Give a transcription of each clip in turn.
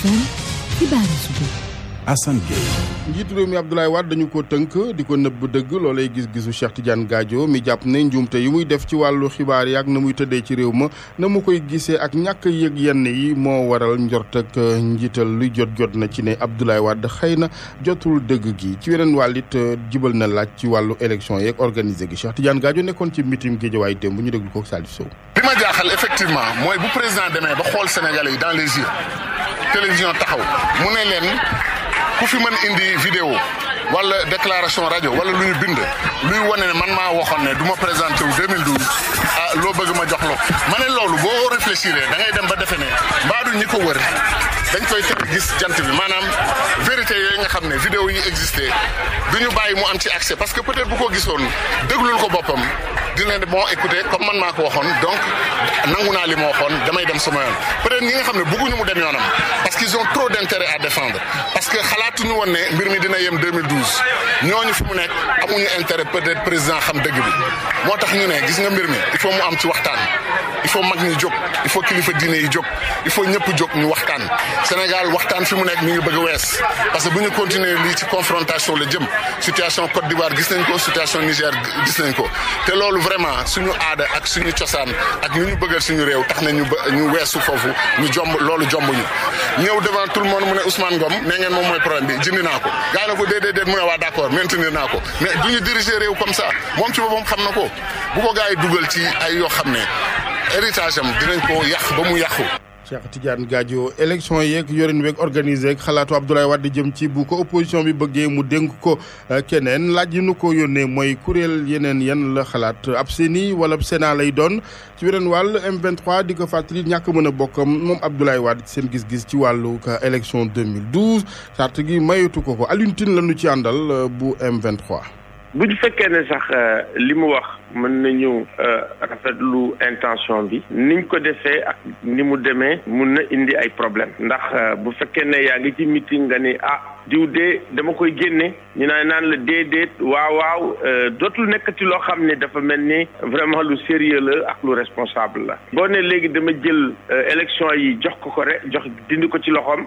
seen xibaaru suba. Assane Gueye. njiitu réew mi Abdoulaye Wade dañu ko tënk di ko nëbb dëgg loolay gis-gisu Cheikh Tidiane gaajo mi jàpp ne njuumte yi muy def ci wàllu xibaar yi ak na muy tëddee ci réew ma na mu koy gisee ak ñàkk yëg yenn yi moo waral njort ak euh, njiital luy jot jot na ci ne Abdoulaye Wade xëy na jotul dëgg gi ci weneen wàll it euh, jibal na laaj ci wàllu élection yeeg organisé gi Cheikh Tidiane Gadio nekkoon ci mitim Guédiawaye démb ñu déglu ko Salif Sow. bi ma jaaxal effectivement mooy bu président demee ba xool Sénégalais yi dans les yeux télévision taxaw mu ne leen ku fi mën indi vidéo wala déclaration rajo wala lu ñu bind luy wane ne man maa waxoon ne duma ma présenté wu 2012 ah loo bëgg ma jox la ma ne loolu boo réfléchir da ngay dem ba defe ne dul ñi ko wër dañ koy tëgg gis jant bi maanaam vérité yooyu nga xam ne vidéo yi existé du ñu bàyyi mu am ci accès parce que peut-être bu ko gisoon déglul ko boppam dina ne bon écoutez comme man maa ko waxoon donc nangu naa li ma waxoon damay dem sama yoon peut-être nga xam ne bëgguñu mu dem yoonam parce qu'ils ont trop d'intérêt à défendre parce que xalaatuñu woon ne mbir mi dina yem 2012 ñooñu fi mu nekk amuñu intérêt peut-être président xam dëgg bi moo tax ñu ne gis nga mbir mi faut mu am ci waxtaan il faut mag ñi jóg il faut kilifa diine yi jóg il faut ñëpp jóg ñu waxtaan Sénégal waxtaan fi mu nekk mi ngi bëgg a wees parce que bu ñu continuer lii ci confrontation la jëm situation Côte d'Ivoire gis nañ ko situation Niger gis nañ ko te loolu vraiment ñu aada ak suñu cosaan ak ñu ñu bëggal suñu réew tax na ñu ñu weesu foofu ñu jomb loolu jomb ñu ñëw devant tout le monde mu ne Ousmane Ngom ne ngeen moom mooy problème bi jindi ko gaa na ko déedéet déet mu ne waa ko mais du ñu diriger réew comme ça moom ci na ko bu ko yi dugal ci ay yoo xam ne héritage am dinañ ko yàq ba mu yàqu. Cheikh Tidiane Gadio élection yeeg yorin weeg organisé xalaatu Abdoulaye Wade jëm ci bu ko opposition bi bëggee mu dénk ko euh, keneen laaj yi nu ko yónnee mooy kuréel yeneen yan la xalaat ab séni wala Sénat lay doon ci weneen wàll M23 di ko fàttali ñàkk mën a bokkam moom Abdoulaye Wade seen gis-gis ci wàllu élection 2012 charte gi mayatu ko ko Alioune Tine la ci àndal euh, bu M23. bu fekkee ne sax euh, li mu wax. mën nañu euh, rafetlu intention bi niñ ko defee ak ni mu demee mun na indi ay problème ndax euh, bu fekkee ne yaa ngi ci meeting nga ni ah diw dee dama koy génne ñu naa naan la déedéet waaw waaw euh, dootul nekkati loo xam ne dafa mel ni vraiment lu sérieux la ak lu responsable la boo ne léegi dama jël élection yi jox ko ko rek jox dindi ko ci loxoom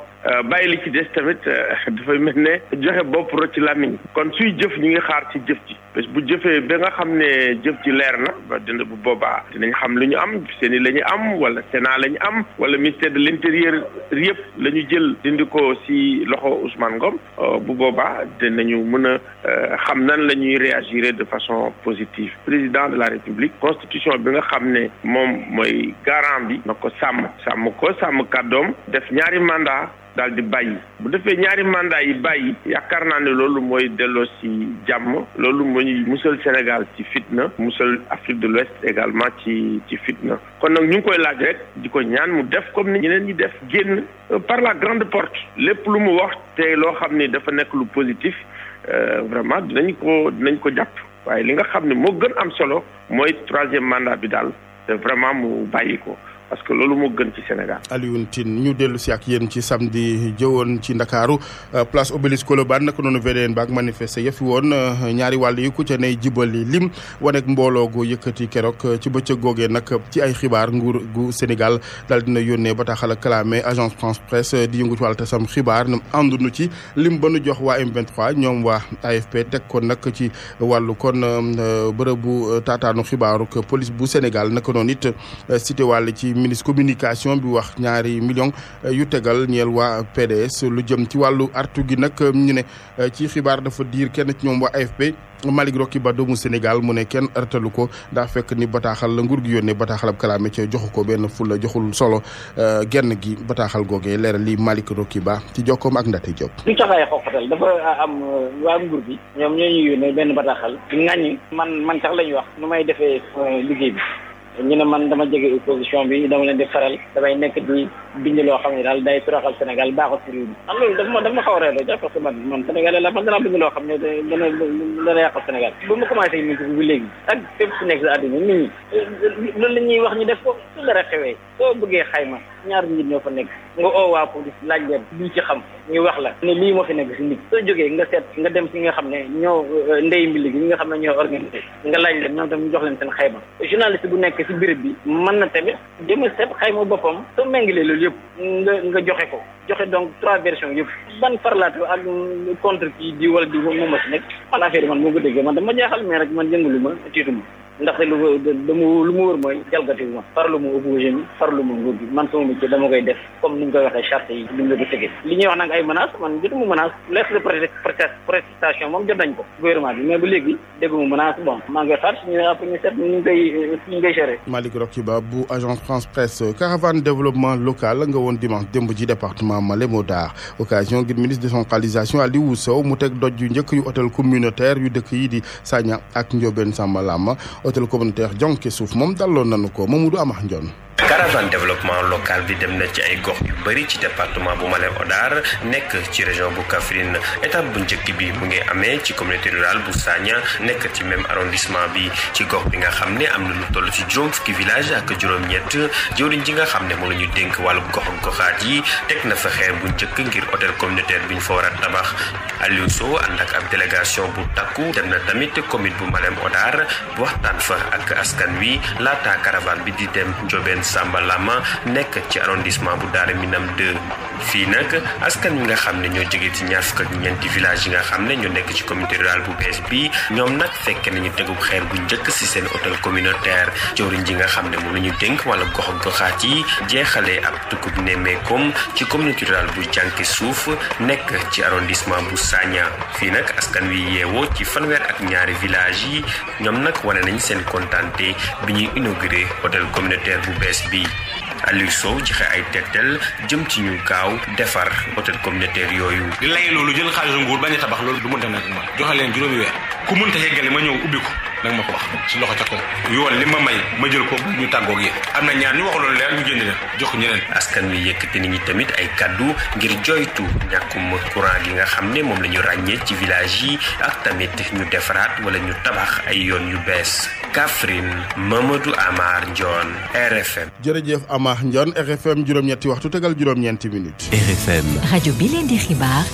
bàyyi li ci des tamit dafay mel ne joxe bopp ci làmmiñ kon suy jëf ñu ngi xaar ci jëf ji bés bu jëfee ba nga xam ne jëf ci leer na ba dina bu boobaa dinañ xam lu ñu am seni la ñu am wala Sénat la ñu am wala ministère de l'intérieur yëpp la ñu jël dindi ko si loxo Ousmane Ngom euh, bu boobaa dinañu mën a euh, xam nan la ñuy réagir de façon positive président de la république constitution bi nga xam ne moom mooy garant bi na ko sàmm sàmm ko sàmm kàddoom def ñaari mandat daal di bàyyi bu defee ñaari mandat yi bàyyi yaakaar naa ne loolu mooy delloo ci jàmm loolu mooy musal Sénégal ci fitna musal Afrique de l'Ouest également ci ci fitna kon nag ñu ngi koy laaj rek di ko ñaan mu def comme ni ñeneen ñi def génn euh, par la grande porte lépp lu mu wax te loo xam ni dafa nekk lu positif euh, vraiment dinañ ko dinañ ko jàpp waaye li nga xam ne moo gën am solo mooy troisième mandat bi daal te vraiment mu bàyyi ko. parce que loolu moo gën ci Sénégal. Alioune ñu dellu si ak yéen ci samedi jëwoon ci Ndakaaru euh, place Obélisque Colobane naka noonu VDN ba ak manifester ya fi woon euh, ñaari wàll yi ku ca ney jibali lim waneeg mbooloo gu yëkkati keroog euh, ci bëccëg googee nag ci ay xibaar nguur gu Sénégal daal dina yónnee bataaxal ak clamé agence France Presse di yëngu ci wàllu tasam xibaar ànduñu ci lim ba nu jox waa M23 ñoom waa AFP teg kon nag ci wàllu kon bërëbu taataanu xibaaru police bu Sénégal naka ministre communication bi wax ñaari million eh, yu tegal ñeel waa PDS lu jëm ci wàllu artu gi nag eh, ñu ne eh, ci xibaar dafa diir kenn ci ñoom waa AFP Malick Rocky ba doomu Sénégal mu ne kenn artalu ko daa fekk ni bataaxal la nguur gi yónnee bataaxal ab kalaame ca joxu ko benn fula joxul solo genn gi bataaxal googee leeral li Malick Rocky ba ci jokkoom ak Ndate Diop. du tax ay xoqatal dafa am waa nguur gi. ñoom ñoo ñu benn bataaxal. di ŋàññi man man sax la ñuy wax nu may defee liggéey bi. ñu ne man dama jege opposition bi dama leen di faral damay nekk di bind loo xam ne daal day turaxal Sénégal baaxul si réew mi. am ah, loolu daf ma daf ma xaw a réeré jàpp parce que man man Sénégalais la man danaa bind xam ne dana yàqal Sénégal. bu ma commencé nit ki bu léegi ak fépp si nekk sa àdduna nit ñi loolu la ñuy wax ñu def ko su dara xewee soo bëggee xayma ñaar nit ñoo fa nekk nga oo waa police laaj leen liñ ci xam ñu wax la ne lii moo fi nekk si nit soo jógee nga seet nga dem si nga xam ne ñoo ndey mbi gi ñi nga xam ñoo organisé nga laaj leen ñoom tam ñu jox leen seen xayma journaliste nekk ci béréb bi mën na tamit jëmal xay xayma boppam soo méngalee loolu yëpp nga nga joxe ko joxe donc trois versions yëpp ban farlaatu ak contre kii di wala di moom ma si nekk man affaire yi man moo ko déggee man dama jaaxal mee rek man lu ma tiitu ndaxte lu mu lu mu wër mooy jalgati ma farlu ma opposé bi yi ni ñu la ko tëggee man jotuma menace lettre ko gouvernement bi mais ba léegi dégguma menace bon maa ngi xaar ñu seet ñu koy koy gérer Malick Rokiba bu agence France Presse caravane développement local nga woon dimanche démb ji département Malem Hodar occasion ngir ministre décentralisation Aliou Sow mu teg doj yu njëkk yu hôtel communautaire yu dëkk yii di Sagna ak Ndiobène Samba Lama hôtel communautaire Jonke suuf moom daloon nañu ko Mamadou Amath Ndione caravane développement local bi dem na ci ay gox yu bëri ci département bu Malem Hodar nekk ci région bu Kaffrine étape bu njëkk bi mu ngi amee ci communauté rural bu Sagna nekk ci même arrondissement bi ci gox bi nga xam ne am na lu toll ci juróom fukki village ak juróom-ñett ji nga xam ne moom la ñu dénk wàllum gox ak yi teg na fa xeer bu njëkk ngir hôtel communautaire bi ñu fa war a tabax Aliou Sow ànd ak délégation bu takku dem na tamit commune bu Malem Hodar waxtaan fa ak askan wi laata bi di dem Ndiobène Samba Lama nekk ci arrondissement bu Daara Minam 2 fii nag askan wi nga xam ne ñoo jógee ci ñaar fukk ak ñeenti village yi nga xam ne ñoo nekk ci communauté rurale bu bees bi ñoom nag fekk nañu tegub xeer bu njëkk si seen hôtel communautaire jawriñ ji nga xam ne moom la ñu dénk wala gox goxaat ci jeexalee ab tukkub nemmeekoom ci communauté rurale bu jànke suuf nekk ci arrondissement bu Sagna fii nag askan wi yeewoo ci fanweer ak ñaari village yi ñoom nag wane nañ seen kontaante bi ñuy inauguré hôtel communautaire bu bees bi Aliou Sow joxe ay tegtal jëm ci ñu gaaw defar hôtel communautaire yooyu. di lay loolu jël xaalisu nguur bañ a tabax loolu du mënta nekk ma joxe leen juróomi weer ku mënta yeggale ma ñëw ubbi ko. nag ma ko wax ci loxo ca ko yoon li ma may ma jël ko ñu tàggoog yéen am na ñaar ñu wax loolu leer ñu génn leen jox ñeneen askan wi yëkkati tamit ay kaddu ngir joytu ñàkkum courant gi nga xam ne moom la ñu ràññee ci village yi ak tamit ñu defaraat wala ñu tabax ay yoon yu bees Kaffrine Mamadou Amar Ndione RFM jërëjëf Amar njoon RFM juróom-ñetti waxtu tegal juróom-ñeenti minutes RFM bi leen di xibaar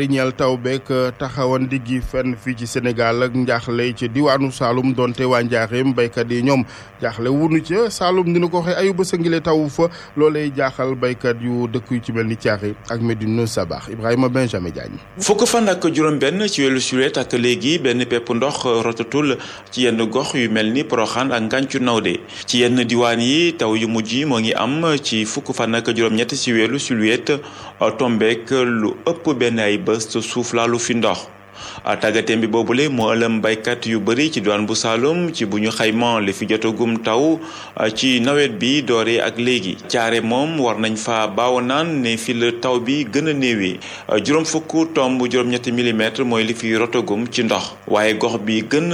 yi ñeel taw beeg taxawan diggi fenn fii ci Sénégal ak njaax jaaxle ci diwaanu Saloum donte waa Njaareem béykat yi ñoom jaaxle wunu ca Saloum dina ko waxee ayu bés a ngile taw fa loolee jaaxal béykat yu dëkk yu ci mel ni Thiaré ak Medina Sabax Ibrahima Benjamin Diagne. fukk fan juróom-benn ci welu sulet ak léegi benn pepp ndox rotatul ci yenn gox yu mel ni Poroxaan ak Ngàncu Nawde ci yenn diwaan yi taw yu mujj yi moo ngi am ci fukk fan ak juróom-ñett ci welu sulet tombeek lu ëpp benn ay bés suuf laalu fi ndox. tàggateem bi boobu boobule moo ëlëm baykat yu bëri ci diwaan bu Saloum ci bu ñu xayma li fi jotagum taw ci nawet bi doore ak léegi caare moom war nañ fa baawo naan ne fi la taw bi gën a néewee juróom fukk tomb juróom-ñetti milimètre mooy li fi rotagum ci ndox waaye gox bi gën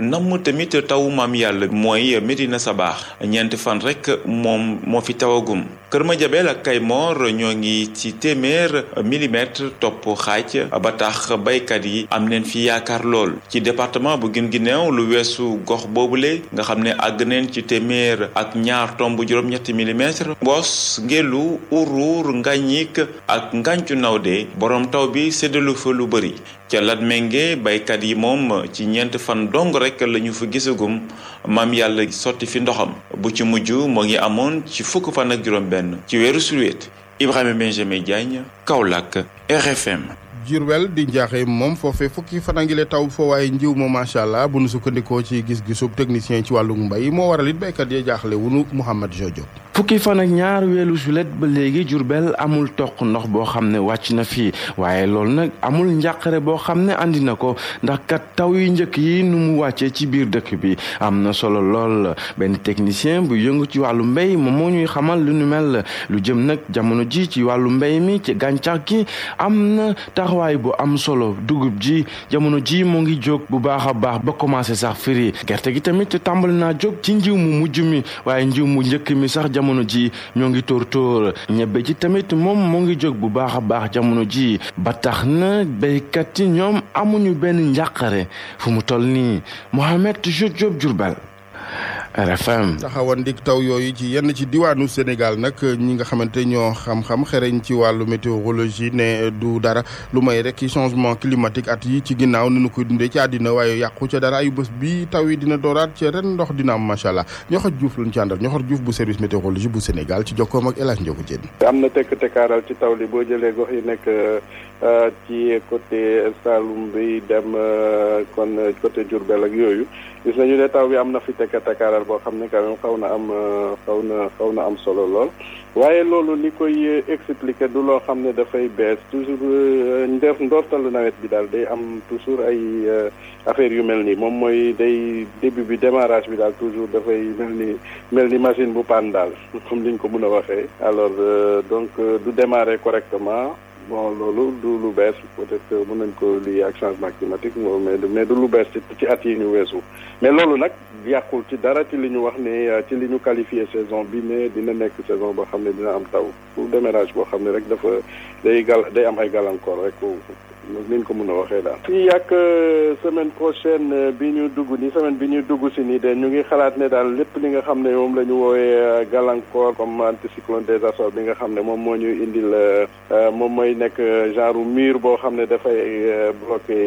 namm tamit taw maam yàlla mooy sa baax ñeenti fan rek moom moo fi tawagum Kër Madiabel ak Kaymoor ñoo ngi ci téeméer milimètre topp xaaj ba tax baykat yi am neen fi yaakaar lool ci département bu gin Guinguinéo lu weesu gox boobu boobule nga xam ne àgg neen ci téeméer ak ñaar tomb juróom-ñetti milimètre Mbos Ngelu Uruur Ngañik ak Ngàncu Nawde borom taw bi séddalu fa lu bëri ca Latmingué baykat yi moom ci ñeent fan dong rek la ñu fa gisagum maam yàlla sotti fi ndoxam bu ci mujj moo ngi amoon ci fukk fan ak juróom benn ci weeru sulet Ibrahima Benjamin Diagne Kaolack RFM Diourbel di njaaxee moom foofee fukki fanangile taw fa waaye njiw ma macha allah bu nu sukkandikoo ci gis-gisub technicien ci wàllu mbay moo waral it béykat yee jaaxle wunu Mouhamed Jojo fukki fan ak ñaar weelu juillet ba léegi Diourbel amul toq ndox boo xam ne wàcc na fii waaye loolu nag amul njàqare boo xam ne andi na ko ndax kat taw yu njëkk yi nu mu wàccee ci biir dëkk bi am na solo lool benn technicien bu yëngu ci wàllu mbéy moom moo ñuy xamal lu nu mel lu jëm nag jamono ji ci wàllu mbay mi ci gàncax gi am na tax waaye bu am solo dugub ji jamono ji moo ngi jóg bu baax a baax ba commencé sax firi gerte gi tamit tàmbali naa jóg ci njiw mu mujj mi waaye njiw mu njëkk mi sax jamono ji ñoo ngi tóor tóor ñebbe ji tamit moom mu ngi jóg bu baax a baax jamono ji ba tax na béykat yi ñoom amuñu benn njàqare fu mu toll nii Mohamed Diop Diourbel RFM taxawan dik taw yooyu ci yenn ci diwaanu Sénégal nag ñi nga xamante ñoo xam-xam xereñ ci wàllu météorologie ne du dara lu may rek changement climatique at yi ci ginnaaw ni nu koy dundee ci àddina waaye yàqu ca dara ayu bés bi taw yi dina dooraat ci ren ndox dina am macha allah ñoxor Diouf lañ ci àndal ñoxor Diouf bu service météorologie bu Sénégal ci jokkoom ak El Hadj Ndiogou Diène am na tekk tekkaaral ci taw li boo jëlee gox yi nekk Euh, ci côté salum bi dem euh, kon euh, côté Diourbel ak yooyu gis nañu ne taw bi am na fi tekka takkaaral boo xam ne quand xaw na am xaw na xaw na am solo lool waaye loolu li koy expliquer du loo xam ne dafay bees toujours ndef ndortalu nawet bi daal day am toujours ay affaire yu mel nii moom mooy day début bi demarage bi daal toujours dafay mel ni mel ni machine bu panne daal comme ñu ko mën a waxee alors donc du démarrer correctement bon loolu du lu bees peut-être mën nañ ko lii ak changement climatique moo mais mais du lu bees ci at yi ñu weesu mais loolu nag yàqul ci dara ci li ñu wax ne euh, ci li ñu qualifié saison bi ne dina nekk saison boo xam ne dina am taw pour démarrage boo xam ne rek dafa day gal day am ay gàllankoor rek ni ñu ko mën a waxee daal. fii ak euh, semaine prochaine euh, bi ñuy dugg ni semaine bi ñuy dugg si nii de ñu ngi xalaat ne daal lépp li nga xam ne moom la ñu woowee euh, gàllankoor comme anticyclone des Açores bi nga xam ne moom moo ñuy indil moom mooy nekk genre mur boo xam ne dafay bloqué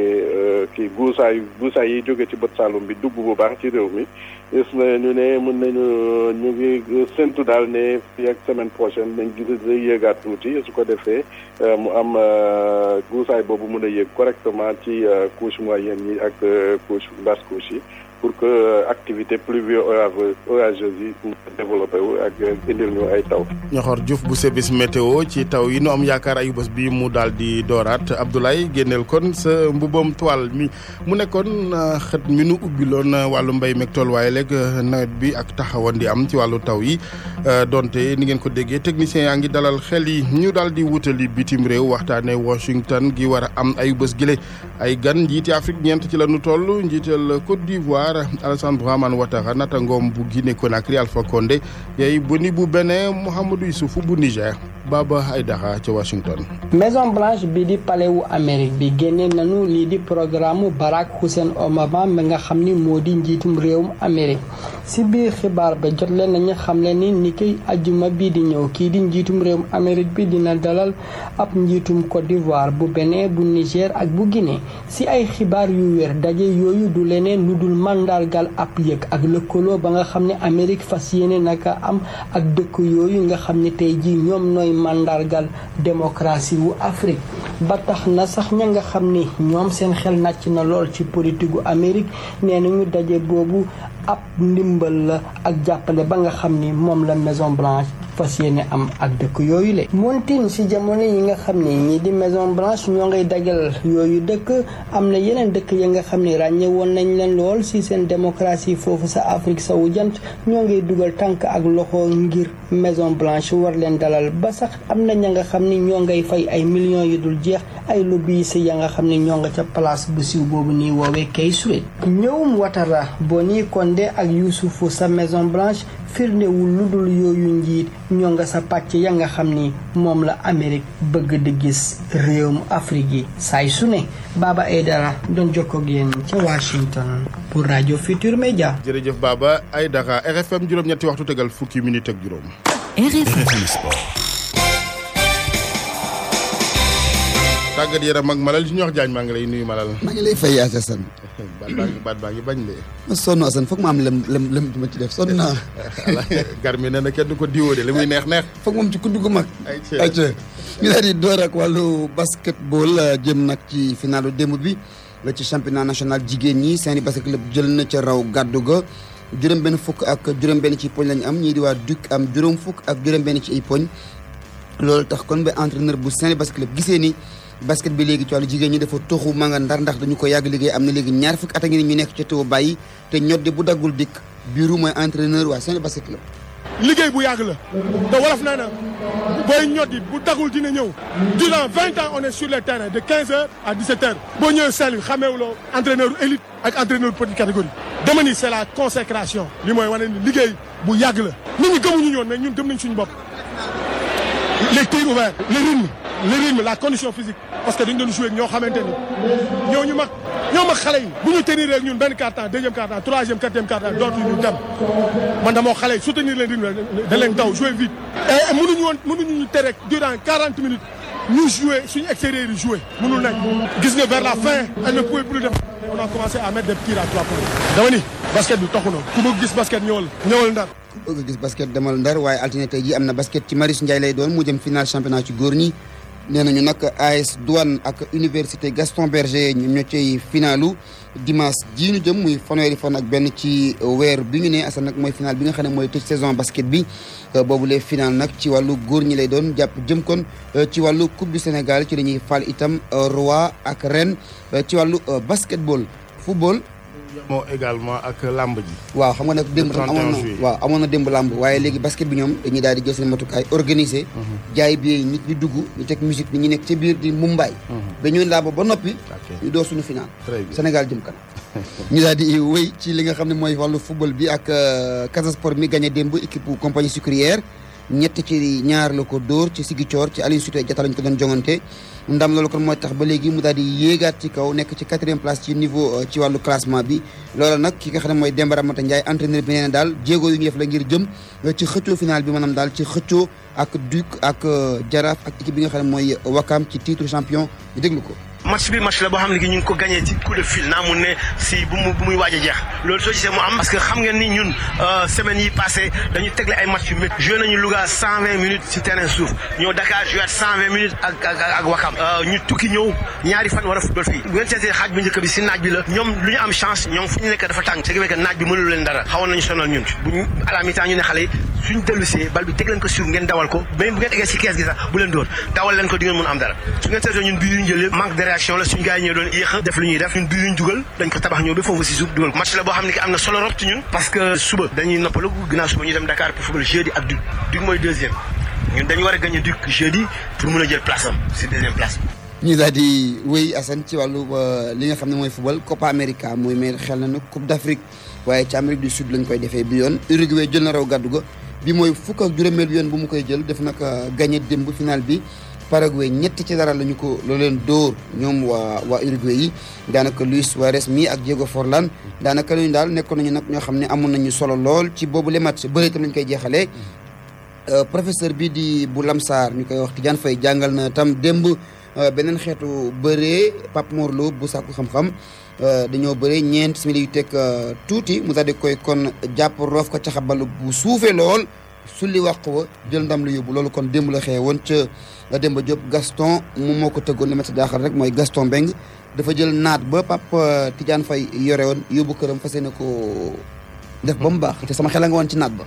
kii guusaay guusaay yi jóge ci bët Saalum bi dugg bu baax ci réew mi. gis nañu ne mën nañu ñu ngi séntu daal ne fii ak semaine prochaine nañ gis di yéegaat tuuti su ko defee euh, mu am euh, guusaay boobu mun a yéeg correctement ci euh, couche moyenne yi ak couche basse couche yi pour que euh, activité pluvio-orageuse yi mu développé wu ak euh, indil ñu ay taw. Ñoxor Diouf bu service météo ci taw yi nu am yaakaar ayu bés bi mu daal di dooraat Abdoulaye génneel kon sa mbubam toile mi mu nekkoon euh, xët mi nu ubbiloon wàllu mbay meeg waaye léeg nawet bi ak taxawan di am ci wàllu taw yi donte ni ngeen ko déggee technicien yaa ngi dalal xel yi ñu daal di wutali bitim réew waxtaanee Washington gi war a am ayu gi gile ay gan njiiti Afrique ñeent ci la nu toll njiital D'ivoire Alassane Dramane Ouattara natangoom bu Guinée bu Bénin Mouhamadou Issoufou bu ca Washington. Maison Blanche bi di palais wu Amérique bi génne nanu lii di programme Barack Hussein Obama mi nga xam ni moo di njiitum réewum Amérique si biir xibaar ba jot leen nañu xam ne ni ni koy bii di ñëw kii di njiitum réewum Amérique bi dina dalal ab njiitum Côte d'Ivoire bu Bénin bu Niger ak bu Guinée si ay xibaar yu wér daje yooyu du leneen lu dul man. màndargal ab yëg ak lëkkaloo ba nga xam ne Amérique fas yéene naka am ak dëkk yooyu nga xam ne tey jii ñoom nooy màndargal démocratie wu Afrique ba tax na sax ña nga xam ni ñoom seen xel nàcc na lool ci politique gu Amérique nee nañu daje boobu ab ndimbal la ak jàppale ba nga xam ni moom la Maison Blanche fas yéene am ak dëkk yooyu le montin si jamono yi nga xam ne ñi di Maison Blanche ñoo ngay dagal yooyu dëkk am na yeneen dëkk ya nga xam ne ràññe woon nañ leen lool si seen démocratie foofu sa Afrique sowu jant ñoo ngay dugal tànk ak loxo ngir Maison Blanche war leen dalal ba sax am na ña nga xam ni ñoo ngay fay ay millions yu dul jeex ay lobbyiste ya nga xam ne ñoo nga ca place bu siiw boobu nii woowee kay suwe Condé ak Youssoufou sa Maison Blanche firndewul lu dul yooyu njiit ñoo nga sa pàcc ya nga xam ni moom la Amérique bëgg di gis réewum Afrique yi saay su ne Baba dara doon jokkoo ak yéen ca Washington pour Radio Futur Media. jërëjëf Baba Aydara RFM juróom-ñetti waxtu tegal fukki minute ak juróom. tàggat yaram ak Malal Junior Diagne maa ngi lay nuyu Malal. maa ngi lay fay yaase Assane. baat baa ngi bañ de. ma sonn Assane foog ma am lem lem ci def sonn naa. garmi nee na kenn du ko diwoo de li muy neex neex. foog moom ci kudd gu mag. ay ci ñu daal di door ak wàllu basketball euh, jëm nag ci finalu démb bi la ci championnat national jigéen ñi Saint-Louis Basket Club jël na ca raw gàddu ga. juróom benn fukk ak juróom benn ci poñ lañ am ñii di waa am juróom fukk ak juróom benn ci ay poñ loolu tax kon ba entraîneur bu Saint-Louis Basket Club basket bi léegi ci wàllu jigéen ñi dafa toxu ma nga ndar ndax dañu ko yàgg liggéey am na léegi ñaar fukk at a ngi ñu nekk ca taw bàyyi te ñoddi bu daggul dikk biiru mooy entraîneur waa seen basket la liggéey bu yàgg la te wolof na na booy ñoddi bu dagul dina ñëw durant vingt ans on sur le terrain de quinze heures à dix-sept heures boo ñëwee Saint-Louis xameewuloo entraîneur élite ak entraîneur petite catégorie dama ni c'est la consécration li mooy wane ni yàgg la nit ñi gëmuñu ñoon mais ñun gëm nañ suñu bopp les tirs ouverts le la condition physique parce que dañ doon joué ñoo xamante ni ñoo ñu mag ñoo mag xale yi bu ñu tenir ak ñun benn quart-temps deuxième quart-temps troisième quatrième quart-temps dootu ñu dem man dama xale yi soutenir leen rythme da leen daw joué vite et mënuñu la fin elle ne pouvait plus def on a commencé à mettre des tirs à trois points dama basket bi taxu na ku bëgg gis basket ñëwal ñëwal ndar ku gis basket demal ndar waaye altine tey am na basket ci Marius Ndiaye lay doon mu final championnat ci góor ñi nee nañu nag AS Douane ak Université Gaston Berger ñoom ñoo cay finalu dimanche jii jëm muy fanweeri fan ak benn ci weer bi ñu ne asan nag mooy final bi nga xam ne mooy tëj saison basket bi euh, boobu lee final nag ci wàllu góor ñi lay doon jàpp jëm kon euh, ci wàllu coupe du Sénégal ci la ñuy fal itam euh, roi ak ren ci wàllu basketball football moo également ak làmb ji. waaw xam nga nag dem tam amoon na waaw amoon na démb làmb waaye léegi basket bi ñoom dañuy daal di jël seen matukaay organiser. Mhm. jaay bi nit ñi dugg ñu teg musique bi ñu nekk ci biir di Mumbai. ba mhm. ñëw làmb ba noppi. ñu door suñu final. Sénégal jëm kanam. ñu daal di wéy ci li nga xam ne mooy wàllu football bi ak euh, Casa Sport mi gagné démb équipe compagnie sucrière ñett ci ñaar la ko dóor ci Ziguinchor ci Aline Sitoé Diatta lañ ko doon jongante. ndam loolu kon mooy tax ba léegi mu daal di yéegaat ci kaw nekk ci quatrième place ci niveau euh, ci wàllu classement bi loolu nag ki nga xam ne mooy Demba Ramata Ndiaye entraîneur bi nee daal jéego yu ñu def la ngir jëm euh, ci xëccoo final bi maanaam daal ci xëccoo ak Duc ak euh, Jaraaf ak équipe bi nga xam ne mooy wakkaam ci titre champion ñu déglu ko match bi match la boo xam ne gi ñu ko gagné ci coup fil naa mun ne si bu mu bu muy waaj a jeex loolu soo gisee mu am parce xam ngeen ni ñun euh, semaines yi passé dañu tegle ay match yu métti joué nañu Louga cent vingt minutes ci terrain suuf ñëw Dakar joué cent vingt minutes ak ak ak Wakam euh, ñu tukki ñëw ñaari fan war a football fii bu ngeen seetee xaaj bu njëkk bi si naaj bi la ñoom lu ñu am chance ñoom fu ñu nekk dafa tàng ce qui fait naaj bi mënul leen réaction la suñu gars yi ñoo doon yéex a def lu ñuy def ñun bi ñu dugal dañ ko tabax ñëw ba foofu si que suba dañuy noppalu ginnaaw suba ñu dem a gagné Duc jeudi pour mën a jël place am si deuxième ci wàllu euh, li nga xam ne mooy football Copa America mooy mais xel na nag Coupe d'Afrique waaye ci Amérique du Sud koy defee bi yoon Uruguay jël na raw gàddu ga bi mooy fukk ak juróomeel bi yoon bu mu koy jël def nag euh, gagné démb final bi Paraguay ñetti ci dara la ñu ko la leen dóor ñoom waa waa Uruguay yi daanaka Luis Suarez mi ak Diego Forlan daanaka lañu daal nekkoon nañu nag ñoo xam ne amoon nañu solo lool ci boobu le match bëri itam lañ koy jeexalee euh, professeur bi di bu Lamsaar ñu koy wax Tidiane Faye jàngal na tam dëmb euh, beneen xeetu bëree Pape Mor Lo bu sàkku xam-xam euh, dañoo bëree ñeent simili yu teg tuuti mu daal di koy kon jàpp roof ko ca xabalu bu suufee lool su li wàq wa jël ndam lu yóbbu loolu kon démb la xew woon ca Demba Diop Gaston moom moo ko tëggoon li ma ci jaaxal rek mooy Gaston Mbengue dafa jël naat ba Pape euh, Tidiane Faye yore woon yóbbu këram fas yéene ko def ba mu baax te sama xel a nga woon ci naat ba.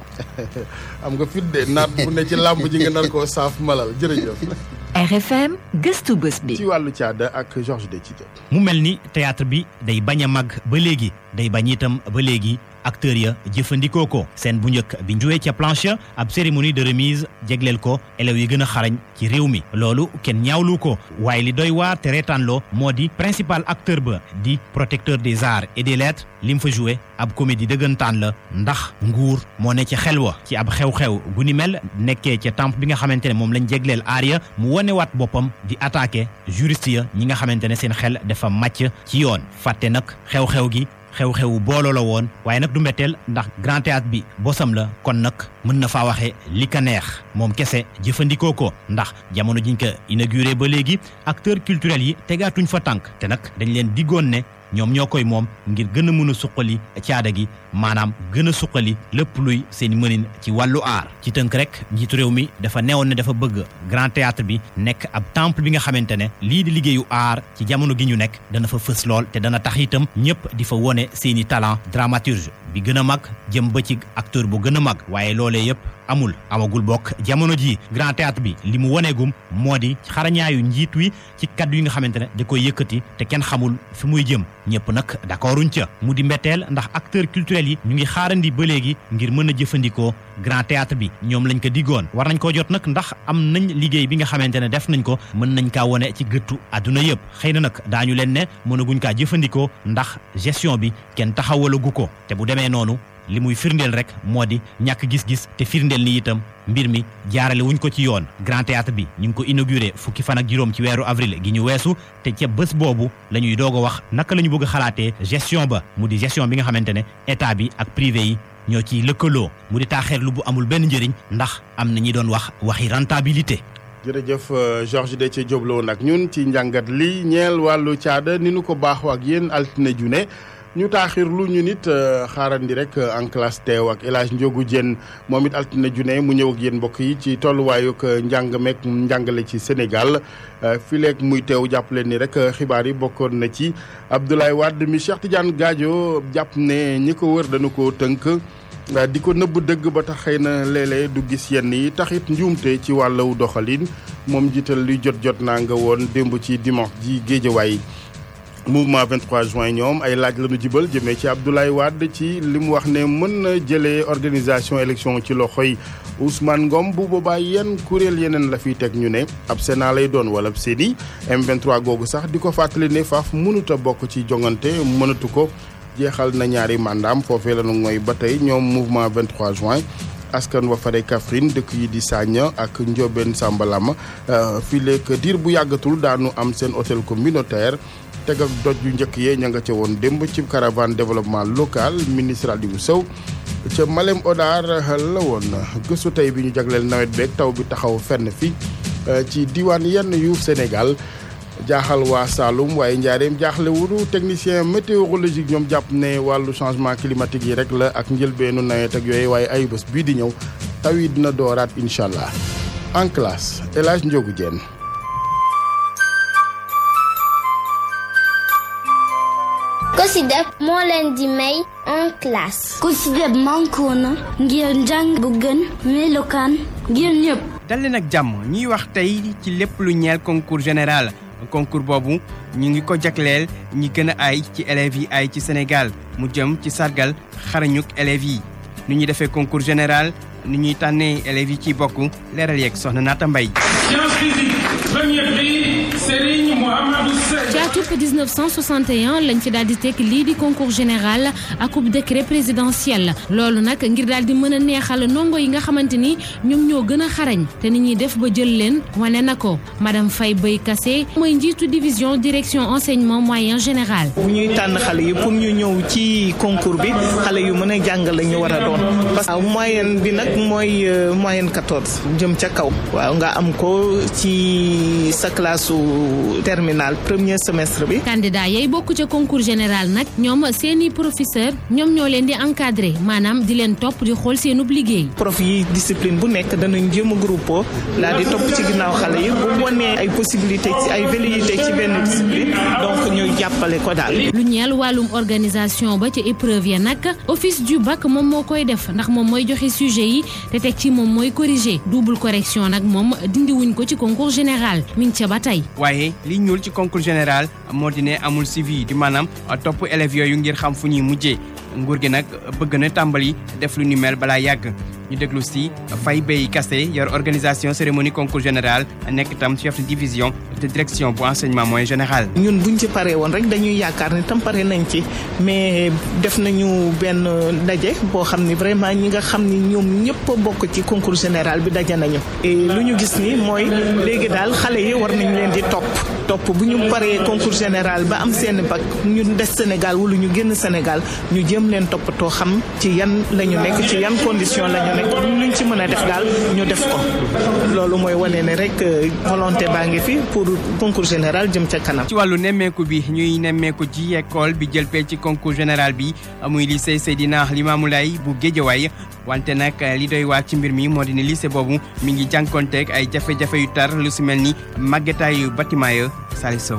am nga fit de naat bu ne ci làmb ji nga nar koo saaf malal jërëjëf. RFM gëstu bés bi. ci wàllu caada ak Georges de Cidio. mu mel ni théâtre bi day bañ a màgg ba léegi day bañ itam ba léegi. acteurs ya jëfandikoo ko seen bu njëkk bi njuwee ca planche ab cérémonie de remise jegleel ko élèves yi gën a xarañ ci réew mi loolu kenn ñaawlu ko waaye li doy waar te reetaanloo moo di principal acteur ba di protecteur des arts et des lettres li mu fa joué ab comédie dëggantaan la ndax nguur moo ne ci xel wa ci ab xew-xew gu ni mel nekkee ca temps bi nga xamante ne moom lañ jegleel aar ya mu wanewaat boppam di attaqué juriste ya ñi nga xamante ne seen xel dafa màcc ci yoon fàtte nag xew-xew gi xew-xewu booloo la woon waaye nag du mbetteel ndax grand théâtre bi bosam la kon nag mën na faa waxee li ka neex moom kese jëfandikoo ko ndax jamono jiñ ko inauguré ba léegi acteurs culturels yi tegaatuñu fa tànk te nag dañu leen diggoon ne ñoom ñoo koy moom ngir gën a mën a suqali caada gi maanaam gën a suqali lépp luy seen mënin ci wàllu aar ci tënk rek njiitu réew mi dafa neewoon ne dafa bëgg grand théâtre bi nekk ab temple bi nga xamante ne lii di liggéeyu aar ci jamono gi ñu nekk dana fa fës lool te dana tax itam ñëpp di fa wone seeni talent dramaturge bi gën a mag jëm ba ci acteur bu gën a mag waaye loole yëpp amul amagul bokk jamono ji grand théâtre bi li mu waneegum moo di xarañaayu njiit wi ci kaddu yi nga xamante ne da koy yëkkati te kenn xamul fi muy jëm ñëpp nag d'accorduñ ca mu di mbetteel ndax acteur culturel yi ñu ngi xaarandi ba léegi ngir mën a jëfandikoo grand théâtre bi ñoom lañ ko diggoon war nañ koo jot nag ndax am nañ liggéey bi nga xamante ne def nañ ko mën nañ kaa wone ci gëttu àdduna yëpp xëy na nag daañu leen ne mënaguñ kaa jëfandikoo ndax gestion bi ko li muy firndeel rek moo di ñàkk gis-gis te firndeel ni itam mbir mi jaarale wuñ ko ci yoon grand théâtre bi ñu ngi ko inauguré fukki fan ak juróom ci weeru avril gi ñu weesu te ceeb bés boobu la ñuy doog a wax naka la ñu bëgg a xalaatee gestion ba mu di gestion bi nga xamante ne état bi ak privé yi ñoo ciy lëkkaloo mu di lu bu amul benn njëriñ ndax am na ñi doon wax waxi rentabilité. jërëjëf euh, Georges Déthié de la woon nag ñun ci njàngat li ñeel wàllu caada ko baaxoo ak yéen altine ju ne ñu taaxir lu ñu nit euh, xaarandi rek euh, en classe teew ak El Hadj Ndiogou moom it altine junne mu ñëw ak yéen mbokk yi ci tolluwaayug euh, njàng meeg njàngale ci Sénégal fii léegi muy teew jàpp leen ni rek xibaar yi bokkoon na ci Abdoulaye Wade mi Cheikh Tidiane Gadio jàpp ne ñi ko wër dañu ko tënk. di ko nëbb dëgg ba tax xëy na léeg du gis yenn yi taxit njuumte ci wàllu doxaliin moom jiital li jot jot naa nga woon démb ci dimanche ji géejawaay mouvement 23 juin ñoom ay laaj la ñu jibal jëmee ci Abdoulaye Wade ci li mu wax ne mën na jëlee organisation élection ci loxoy Ousmane Ngom bu boobaa yenn kuréel yeneen la fi teg ñu ne ab Sénat lay doon wala séddi M23 googu sax di ko fàttali ne faaf mënut a bokk ci jongante mënatu ko jeexal na ñaari mandaam foofe la ñu mooy ba tey ñoom mouvement 23 juin. askan wa fare Kaffrine dëkk yi di Sagna ak Ndiobène Sambalama euh, fii léegi diir bu yàggatul daanu am seen hôtel communautaire teg ak doj yu njëkk yee ña nga ca woon démb ci caravane développement local ministre Aliou Sow ca Malem Odar la woon gëstu tey bi ñu jagleel nawet beeg taw bi taxaw fenn fi eh, ci diwaan yenn yu Sénégal jaaxal waa Saloum waaye njaareem jaaxle wuñu technicien météorologique ñoom jàpp ne wàllu changement climatique yi rek la ak njëlbeenu nawet ak yooyu waaye ay bés bii di ñëw taw yi dina dooraat incha allah en classe El Hadj Ndiogou Diène Cousi Deb moo leen di may en classe. Cousi Deb mànkoo na ngir njàng bu gën melokaan ngir ñëpp. dal leen ak jàmm ñuy wax tey ci lépp lu ñeel concours général concours boobu ñu ngi ko jagleel ñi gën a ay ci élèves yi ay ci Sénégal mu jëm ci sargal xarañuk élèves yi nu ñuy defee concours général nu ñuy tànnee élèves yi ci bokk leeral yeeg soxna Naata Mbaye. ci atub 1961 lañ fi daal di teg lii di concours général akub décret présidentiel loolu nag ngir daal di mën a neexal ndongo yi nga xamante ni ñoom ñoo gën a xarañ te ni ñuy def ba jël leen wane na ko madame fay Bey Kassé mooy njiitu division direction enseignement moyen général. bu ñuy tànn xale yi pour ñu ñëw ci concours bi xale yu mën a jàng la ñu war a doon parce que moyenne bi nag mooy euh, moyenne 14 jëm ca kaw waaw nga am ko ci sa classe terminale premier semestre bi. candidat yay bokk ca concours général nag ñoom seeni professeur ñoom ñoo leen di encadré maanaam di leen topp di xool seenub liggéey. prof yi bu nekk danañ jéem a groupe laa di topp ci ginnaaw xale yi bu wanee ay possibilité ci ay velléité benn discipline donc ñu jàppale ko daal. lu ñeel wàllum organisation ba ci épreuve ya nag office du bac moom moo koy def ndax moom mooy joxe sujet yi te teg ci moom mooy corriger double correction nag moom dindiwuñ ko ci concours général général moo di amul suivi di maanaam euh, topp élèves yooyu ngir xam fu ñuy mujjee nguur gi nag bëgg na tàmbali def lu ni mel yàgg. ñu déglu si Faye Bey Kassé yor organisation cérémonie concours général nekk itam chef de division de direction bu enseignement moyen général. ñun buñ ci paree woon rek yaakaar ne tam pare nañ ci mais def nañu benn ndaje boo xam ni vraiment ñi nga xam ni ñoom ñëpp bokk ci concours général bi daje nañu. et lu ñu gis ni mooy léegi daal xale yi war nañ leen di topp topp bu ñu paree concours général ba am seen bag ñu des Sénégal wala ñu génn Sénégal ñu jëm leen toppatoo xam ci yan la ñu nekk ci yan condition la rek luñ ci mën a def daal ñu def ko loolu mooy wane ne rek euh, volonté baa ngi fi pour concours général jëm ca kanam. ci wàllu nemmeeku bi ñuy nemmeeku ci école bi jël pee ci concours général bi amuy muy lycée Seydina Limamou Laye bu Guédiawaye wante nag euh, li doy waar ci mbir mi moo di ne boobu mi ngi jànkonteeg ay jafe-jafe yu tar lu si mel ni màggetaayu bâtiment ya Salif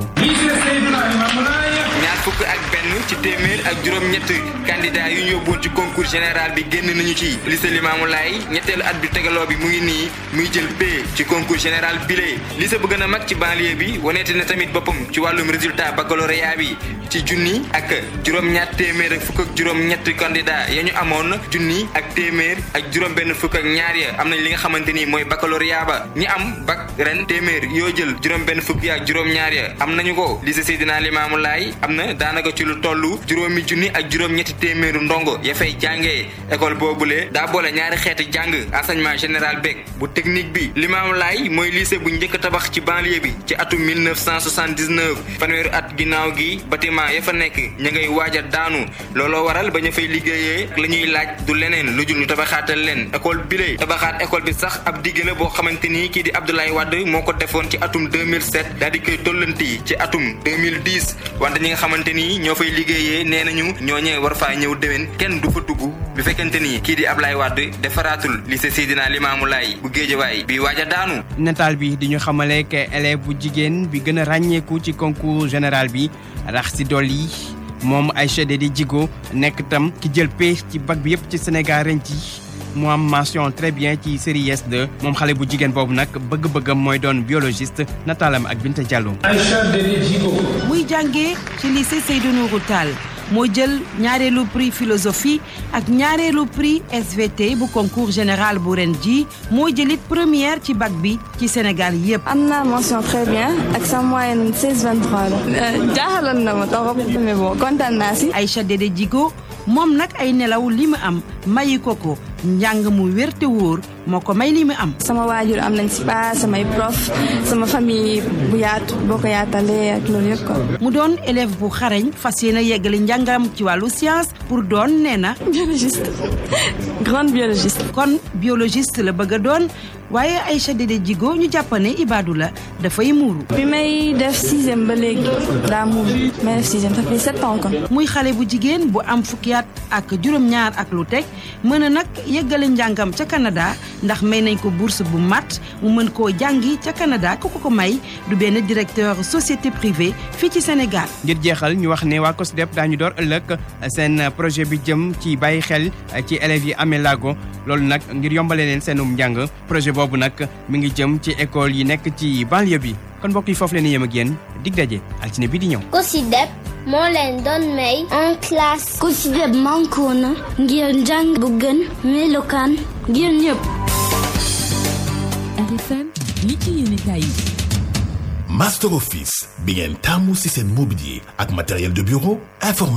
ci téeméer ak juróom-ñett candidat yu ñu yóbboon ci concours général bi génn nañu ci lycée Limamou Laye ñetteelu at bi tegaloo bi mu ngi nii muy jël B ci concours général bile lycée bu gën a mag ci banlieue bi waneeti na tamit boppam ci wàllum résultat baccalauréat bi ci junni ak juróom-ñaar téeméer fukk ak juróom-ñett candidat ya ñu amoon junni ak téeméer ak juróom-benn fukk ak ñaar ya am nañ li nga xamante ni mooy baccalauréat ba ñi am bac ren téeméer yoo jël juróom-benn fukk ya ak juróom-ñaar ya am nañu ko lycée Seydina Limamou Laye am na daanaka ci toll juróomi junni ak juróom-ñetti téeméeru ndongo ya fay jàngee école boobule daa boole ñaari xeeti jàng enseignement général beeg bu technique bi limaam laay mooy lycée bu njëkk tabax ci banlieue bi ci atum 1979 fanweeri at ginnaaw gi bâtiment ya fa nekk ña ngay waaj a daanu looloo waral ba ñu liggéeyee la ñuy laaj du leneen lu jul ñu tabaxaatal leen école bi lay tabaxaat école bi sax ab digg la boo xamante ni kii di Abdoulaye Wade moo ko defoon ci atum 2007 daal di koy tollanti ci liggéeyee nee nañu ñooñee war fa ñëw déwén kenn du fa dugg bu fekkente ni kii di Ablaye Wade defaraatul lycée Seydina Limamou Laye bu Géejawaay bi waaj a daanu. nataal bi di ñu xamale que élève bu jigéen bi gën a ràññeeku ci concours général bi rax ci dolli moom Aïcha Dédé Djigo nekk tam ki jël paie ci bac bi yëpp ci Sénégal ren ci mu am mention très bien ci série s moom xale bu jigéen boobu nag bëgg-bëggam mooy doon biologiste nataalam ak Binta Diallo. muy jàngee ci lycée Seydou Nourou Tall moo jël ñaareelu prix philosophie ak ñaareelu prix SVT bu concours général bu ren ji moo jëlit première ci bac bi ci Sénégal yëpp. am naa mention très bien ak sa moyenne euh, jaaxaloon na ma trop mais bon kontaan naa si. Aïcha Dédé Djigo moom nag ay nelaw li mu am mayi ko ko njàng mu wér te wóor moo ko may lii mu am. sama waajur am nañ si ba samay prof sama famille bu yaatu boo ko yaatalee ak loolu yëpp ko mu doon élève bu xareñ fas yéene yeggali njàngam ci wàllu science pour doon nee na. biologiste kon biologiste la bëgg a doon waaye Aïcha Dédé jigo ñu jàppane ibaadu la dafay muuru. bi may def sixième ba léegi daa muuru may def sixième ça fait sept ans kon. muy xale bu jigéen bu am fukki at ak juróom-ñaar ak lu teg mën a nag yeggali njàngam ca Canada. ndax may nañ ko bourse bu mat mu mën koo jàngi ca Canada ko ko ko may du benn directeur société privée fii ci Sénégal. ngir jeexal ñu wax ne waa COSDEP daañu door ëllëg seen projet bi jëm ci bàyyi xel ci élèves yi amee laago loolu nag ngir yombale leen seenum njàng projet boobu nag mi ngi jëm ci école yi nekk ci banlieue bi kon mbokk yi foofu leen yem ak yéen dig daje altine bi di ñëw. COSDEP moo leen doon may en classe ku ci dem mànkoo na ngir njàng bu gën melokaan Master Office bi ngeen tàmmu ci mobilier ak matériel de bureau